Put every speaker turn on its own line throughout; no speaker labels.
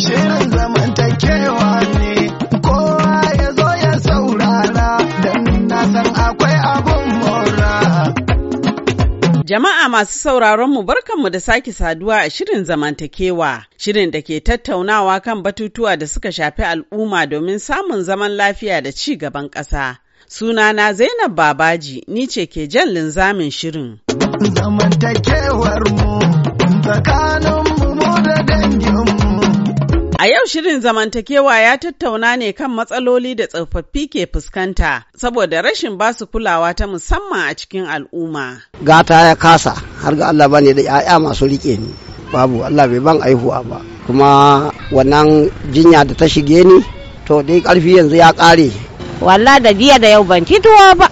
Shirin zamantakewa ne kowa ya zo ya saurara don na san akwai abun mora. Jama'a
masu sauraron mu barkanmu da sake saduwa a shirin zamantakewa, shirin da ke tattaunawa kan batutuwa da suka shafi al'umma domin samun zaman lafiya da ci gaban ƙasa. Sunana Zainab Babaji, ni ce ke jan linzamin shirin.
Zamantakewar mu tsakanin mu da danginmu.
A yau shirin zamantakewa ya tattauna ne kan matsaloli da tsofaffi ke fuskanta saboda rashin basu kulawa ta musamman a cikin al'umma.
Gata ya kasa har ga Allah bane da 'ya'ya masu rike ni babu Allah bai ban aihuwa ba kuma wannan jinya da ta shige ni to dai karfi yanzu ya kare. Walla da jiya da yau ban tuwa ba.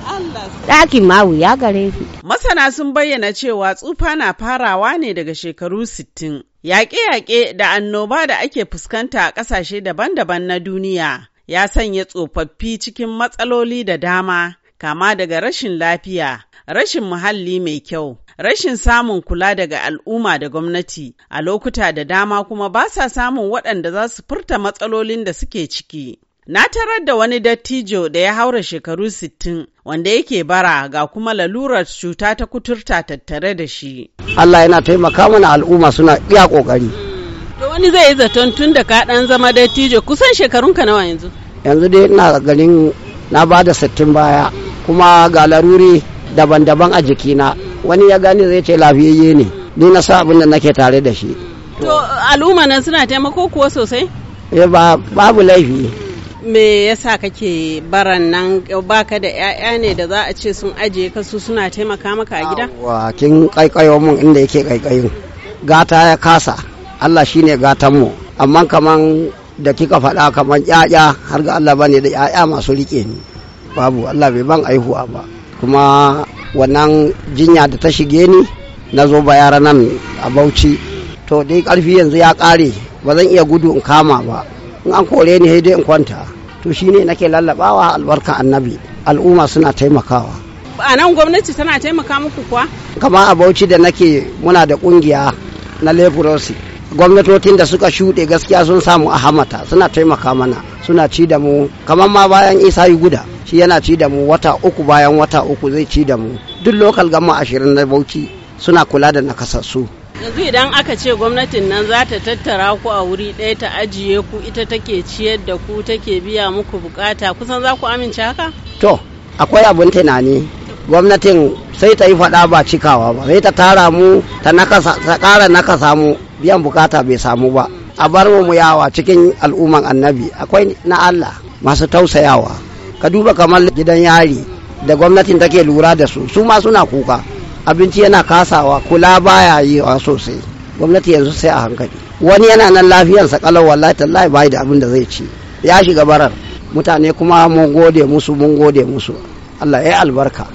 ɗakin mawu ya gare
Masana sun bayyana cewa tsufa na farawa ne daga shekaru sittin. Yaƙe-yaƙe da annoba da ake fuskanta a ƙasashe daban-daban na duniya ya sanya tsofaffi cikin matsaloli da dama, kama daga rashin lafiya, rashin muhalli mai kyau, rashin samun kula daga al'umma da gwamnati, a lokuta da dama kuma ba sa samun waɗanda za su furta matsalolin da suke ciki. Na tarar da wani dattijo da ya haura shekaru sittin wanda yake bara ga kuma lalurar cuta ta kuturta tattare da shi.
Allah yana taimaka mana al'umma suna iya kokari.
To wani zai yi zaton tun da ka dan zama dattijo kusan shekarunka nawa yanzu?
Yanzu dai ina ganin na ba da sittin baya kuma ga laruri daban-daban a jikina wani ya gane zai ce lafiyayye ne ni na sa abin da nake tare da shi.
To al'umma nan suna taimako kuwa sosai?
Eh ba babu laifi.
me yasa kake baran nan baka da 'ya'ya ne da za a ce sun ajiye ka su suna taimaka maka a gida
wa kin kaikayo mun inda yake kaikayi gata ya kasa Allah shine gatan mu amma kaman da kika faɗa kaman 'ya'ya har ga Allah bane da 'ya'ya masu rike ni babu Allah bai ban aihuwa ba kuma wannan jinya da ta shige ni na zo bayara nan a Bauchi to dai karfi yanzu ya ƙare ba zan iya gudu in kama ba in an kore ni sai dai in kwanta to ne nake lallabawa albarkan annabi al'umma suna taimakawa
a nan gwamnati tana taimaka muku kuwa
kama a bauchi da nake muna da kungiya na leburosi gwamnatocin da suka shuɗe gaskiya sun samu a hamata suna taimaka mana suna ci da mu kamar ma bayan isa yi guda shi yana ci da mu wata uku bayan wata uku zai ci da mu duk lokal gama ashirin na bauchi suna kula da nakasassu
yanzu idan aka ce gwamnatin nan za ta tattara ku a wuri ɗaya ta ajiye ku ita take ciyar da ku take biya muku bukata kusan za ku amince haka
to akwai abin tunani gwamnatin sai ta yi faɗa ba cikawa ba sai ta tara mu ta ƙara nakasa mu biyan bukata bai samu ba a bar mu yawa cikin al'umman annabi akwai na Allah masu tausayawa ka duba kamar gidan yari da gwamnatin take lura da su su ma suna kuka abinci yana kasawa kula baya yi wa sosai gwamnati yanzu sai a hankali wani yana nan lafiyarsa kalau wallahi tallahi bai da abin da zai ci ya shiga barar mutane kuma mun gode musu mun gode musu Allah ya albarka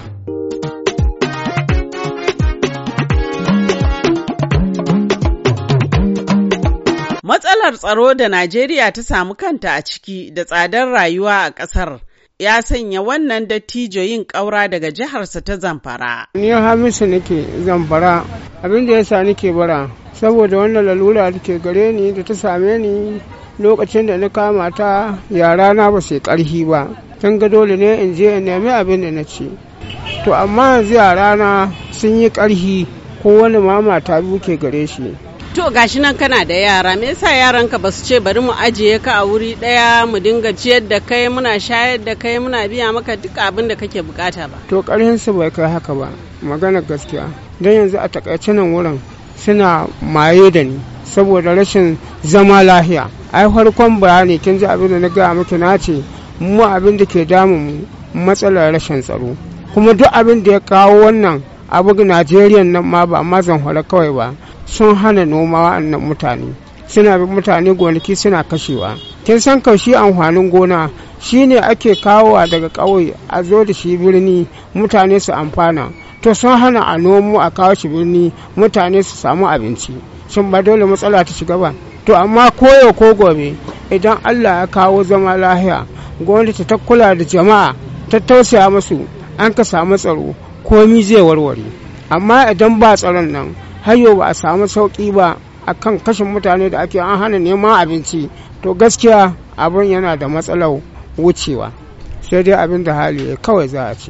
Matsalar tsaro da Najeriya ta samu kanta a ciki da tsadar rayuwa a ƙasar. ya sanya wannan dattijo yin ƙaura daga jiharsa ta Zamfara.
Ni Hamisu nake Zamfara, abin da ya sa nake bara, saboda wannan lalura da ke gare ni da ta same ni lokacin da na kama ta yara na ba sai ƙarhi ba. Tun ga dole ne in je in nemi abin da na ci. To amma yanzu yara na sun yi ƙarhi ko wani mama biyu ke gare shi.
To gashi nan kana da yara, me yasa yaranka ba su ce bari mu ajiye ka a wuri ɗaya mu dinga ciyar da kai muna shayar da kai muna biya maka duk abin da kake bukata ba.
To su bai kai haka ba, magana gaskiya. Don yanzu a takaice nan wurin suna maye da ni saboda rashin zama lahiya. Ai farkon bayani kin ji abin da na gaya miki na ce mu abin da ke damun matsalar rashin tsaro. Kuma duk abin da ya kawo wannan abin najeriya nan ma ba ma hula kawai ba sun hana noma nan mutane suna bi mutane gonaki suna kashewa kin san kaushi amfanin gona shi shine ake kawowa daga ƙauye a zo da shi birni mutane su amfana to sun hana a nomo a kawo shi birni mutane su samu abinci shin ba dole matsala ta shiga ba to amma koyo ko gobe idan allah ya kawo zama lahiya gwamnati ta kula da jama'a ta tausaya musu an ka samu tsaro komi zai warware amma idan ba tsaron nan hayo ba a samu sauƙi ba a kan kashin mutane da ake an hana neman abinci to gaskiya abin yana da matsalar wucewa sai dai abin da hali ya kawai za a ce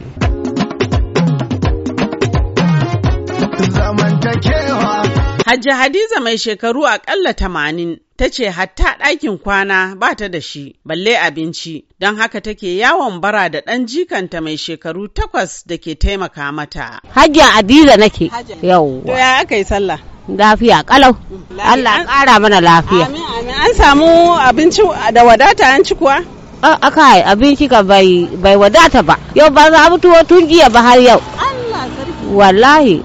Hajji Hadiza mai shekaru akalla tamanin ta ce hatta ɗakin kwana ba ta da shi balle abinci don haka take yawon bara da ɗan jikanta mai shekaru takwas da ke taimaka mata.
Hajiya Adiza nake Yau To ya aka yi sallah? Lafiya kalau. Mm, Allah ƙara mana lafiya. an samu abinci da wadata an ci kuwa? Aka yi abinci ka bai wadata ba. Yau ba za mu tuwo tun jiya ba har yau.
Wallahi.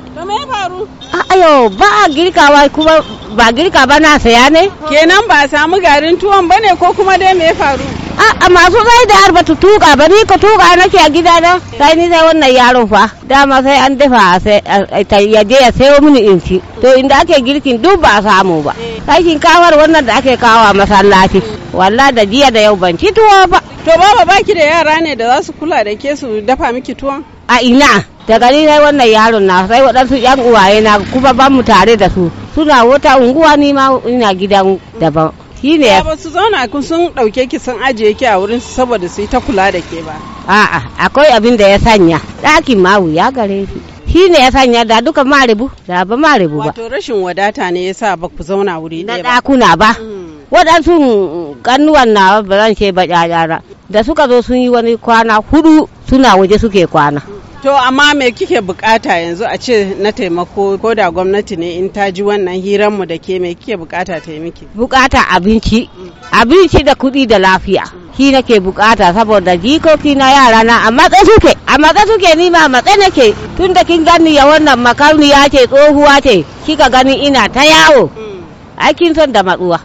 faru?
A'a yau ba girkawa kuma ba girka ba na saya ne. Kenan ba samu garin tuwon ba ne ko kuma dai me faru? A masu zai da har bata tuka ba ni ka tuka nake a gida na sai ni sai wannan yaron fa dama sai an dafa ya je ya sayo mini in ci to inda ake girkin duk ba a samu ba. Sai eh. shinkafar wannan da ake kawo masallaci walla da jiya da yau ban ci tuwa ba. To baba ki da yara ne
da za su kula da ke su dafa miki tuwon?
a ina daga ni sai wannan yaron na sai waɗansu yan uwaye na kuma ban mu tare da su suna wata unguwa ni ma ina gidan daban shi ne ba
su zauna kun sun ɗauke ki sun ajiye ki a wurin su saboda su yi ta kula da ke ba
a'a akwai abin da ya sanya ɗakin ma wuya gare shi shi ne ya sanya da duka maribu da ba maribu ba wato rashin wadata ne ya sa ba ku zauna wuri ɗaya ba na ɗakuna ba mm. waɗansu ƙannuwan na ba zan ce ba da suka zo sun yi wani kwana hudu suna waje suke kwana.
To amma me kike bukata yanzu a ce na taimako ko da gwamnati ne in ta ji wannan mu da ke me kike bukata ta yi miki?
Bukata abinci, abinci da kuɗi da lafiya. Shi nake bukata saboda jikoki na yara na a matsa suke, a suke ni ma matsa nake tun da kin gani ya wannan makarniya ce tsohuwa ce kika gani ina ta yawo. Mm. Aikin son da matsuwa.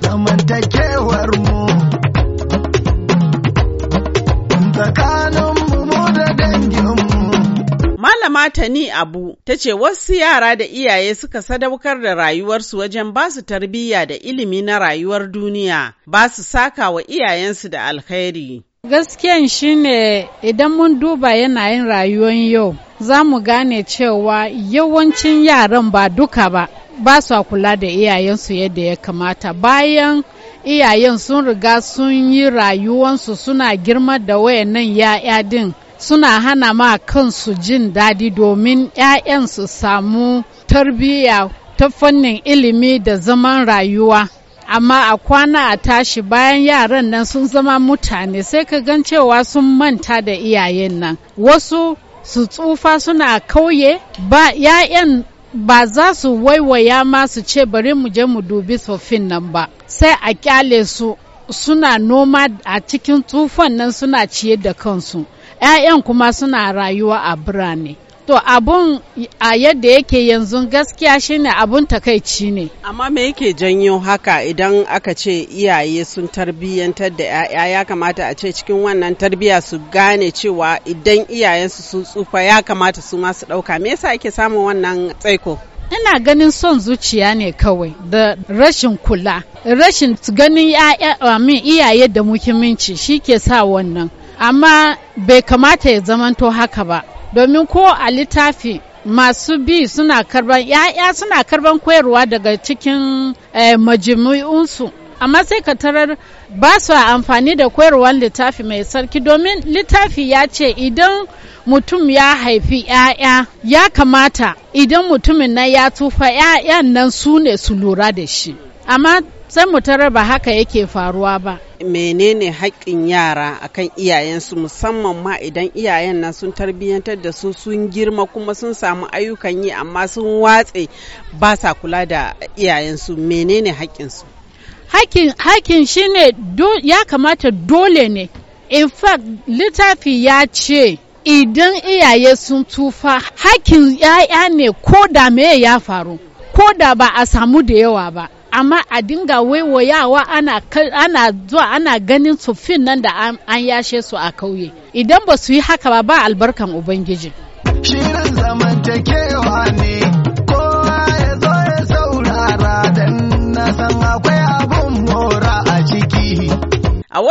kamata ni Abu ta ce wasu yara da iyaye suka sadaukar da rayuwarsu wajen ba su tarbiyya da ilimi na rayuwar duniya ba su saka wa iyayensu da alkhairi. Gaskiyan shine idan mun
duba yanayin rayuwar yau za mu gane cewa yawancin yaran ba duka ba ba su kula da iyayensu yadda ya kamata bayan iyayen sun riga sun yi rayuwansu suna girma da wayannan ya'ya din suna hana ma kansu jin daɗi domin 'ya'yan su samu tarbiyya ta fannin ilimi da zaman rayuwa amma a kwana a tashi bayan yaran nan sun zama mutane sai ka gan cewa sun manta da iyayen nan wasu su tsufa suna kauye ba 'ya'yan ba za su waiwaya ma su ce bari mu je mu dubi tsoffin nan ba sai a kyale su suna noma a cikin tsufan nan suna ciye da kansu 'ya'yan kuma suna rayuwa a birane to abun a yadda yake yanzu gaskiya
shine abun takaici ne amma me yake janyo haka idan aka ce iyaye sun tarbiyyantar da 'ya'ya ya kamata a ce cikin wannan tarbiyya su gane cewa idan iyayensu sun tsufa ya kamata su masu ɗauka me yasa ake samun wannan tsaiko
ina ganin son zuciya ne kawai da rashin kula rashin ganin iyaye da muhimmanci shi ke sa wannan amma bai kamata ya zamanto haka ba domin ko a littafi masu bi suna karban ya'ya suna karban koyarwa daga cikin eh, majami'unsu amma sai ka tarar ba su amfani da koyarwar littafi mai sarki domin littafi ya ce idan mutum ya haifi ‘ya'ya ya kamata idan mutumin na ya
tufa ‘ya'yan nan su ne su lura da shi amma sai mu tarar ba haka yake faruwa ba menene haƙƙin yara a kan iyayensu musamman ma idan iyayen na sun tarbiyyantar da su sun girma kuma sun samu ayyukan yi amma sun watse ba sa kula da iyayensu menene haƙƙinsu haƙƙin shi
ne ya kamata dole ne in fact littafi ya ce idan iyaye sun tufa haƙƙin 'ya'ya ne ko da me ya faru ko da ba a samu da yawa ba amma a dinga waiwayawa ana, zuwa ana ganin tsoffin nan da an, an yashe su a kauye idan ba su yi haka ba ba albarkan ubangiji shirin zamantakewa ne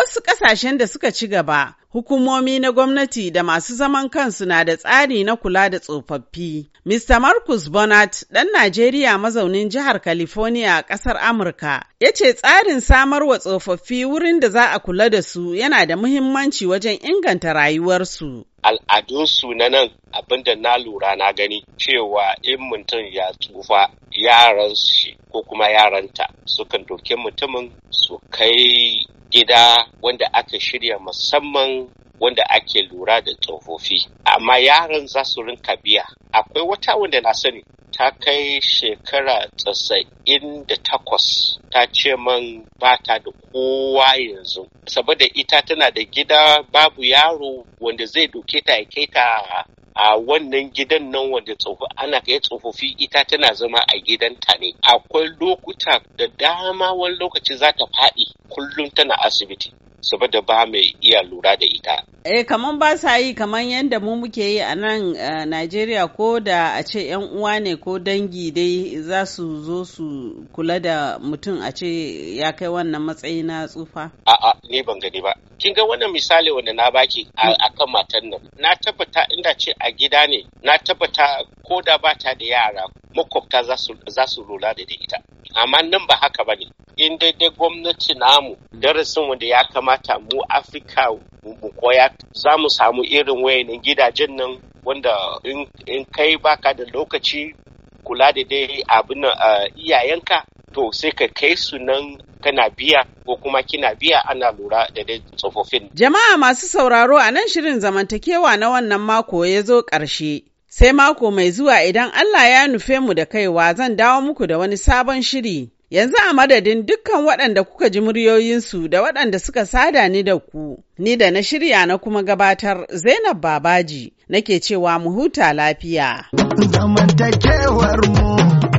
wasu ƙasashen da suka ci gaba, hukumomi na gwamnati da masu zaman kansu na da tsari na kula da tsofaffi. Mr. Marcus Bonat, ɗan Najeriya mazaunin jihar California a ƙasar Amurka, ya ce tsarin samar wa tsofaffi wurin da za a kula da su yana da muhimmanci wajen inganta rayuwarsu.
Al'adunsu na nan abinda na lura na gani cewa in mutum ya tsufa yaran shi ko kuma yaranta sukan doke mutumin su kai gida wanda aka shirya musamman wanda ake lura da tsofaffi amma yaran za su rinka biya akwai wata wanda na sani ta kai shekara tasa'in da takwas ta ce man bata da kowa yanzu saboda ita tana da gida babu yaro wanda zai doke ta ya kai ta a wannan gidan nan wanda tsofa ana kai tsofaffi ita tana zama a gidan ta ne akwai lokuta da dama wani lokaci za ta faɗi kullum tana asibiti saboda ba mai iya lura da ita.
Eh kaman ba sa yi kaman yadda mu muke yi a nan eh, Najeriya ko da a ce yan uwa ne ko dangi dai za su zo su kula da mutum a ce ya kai wannan matsayi na tsufa.
A'a ne ban gani ba. Kin ga wannan misali wanda na baki a kan matan nan. Na tabbata inda ce a gida ne na tabbata ko da ba ta da yara makwabta za su lura da ita. Amma nan ba haka ba ne. in daidai gwamnati namu darasin wanda ya kamata mu afirka mu koya za mu samu irin wayanin gidajen nan wanda in kai baka da lokaci kula da dai abin iyayenka to sai ka kai su nan kana biya ko kuma kina biya ana lura da dai tsofaffin.
Jama'a masu sauraro a nan shirin zamantakewa na wannan mako ya zo ƙarshe. Sai mako mai zuwa idan Allah ya nufe mu da kaiwa zan dawo muku da wani sabon shiri. Yanzu a madadin dukkan waɗanda kuka ji muryoyinsu da waɗanda suka sada ni da ku, ni da na shirya na kuma gabatar Zainab Babaji nake cewa mu huta lafiya.
Zamantakewar